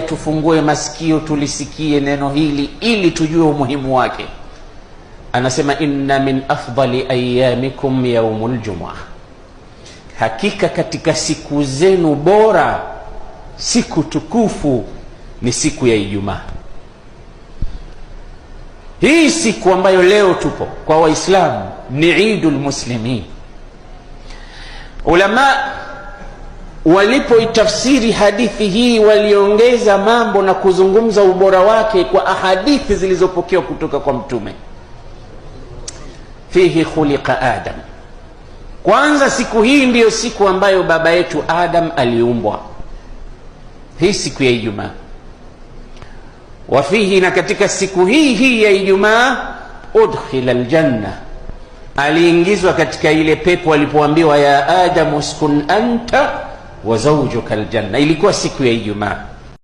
Tufungue masikio tulisikie neno hili ili tujue umuhimu wake. Anasema, inna min afdali ayamikum yaumul jumaa, hakika katika siku zenu bora, siku tukufu ni siku ya Ijumaa. Hii siku ambayo leo tupo kwa Waislamu ni idu lmuslimin Ulama walipoitafsiri hadithi hii waliongeza mambo na kuzungumza ubora wake kwa ahadithi zilizopokewa kutoka kwa mtume fihi khuliqa adam kwanza siku hii ndiyo siku ambayo baba yetu adam aliumbwa hii siku ya ijumaa wa fihi na katika siku hii hii ya ijumaa udkhila ljanna aliingizwa katika ile pepo alipoambiwa ya adamu uskun anta wa zawjuka aljanna. Ilikuwa siku ya Ijumaa,